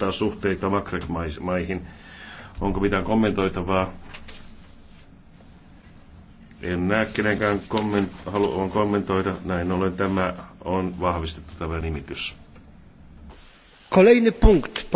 vahvistaa suhteita Magreb-maihin. Onko mitään kommentoitavaa? En näe kenenkään komment- haluan kommentoida. Näin ollen tämä on vahvistettu tämä nimitys. Kolejny punkt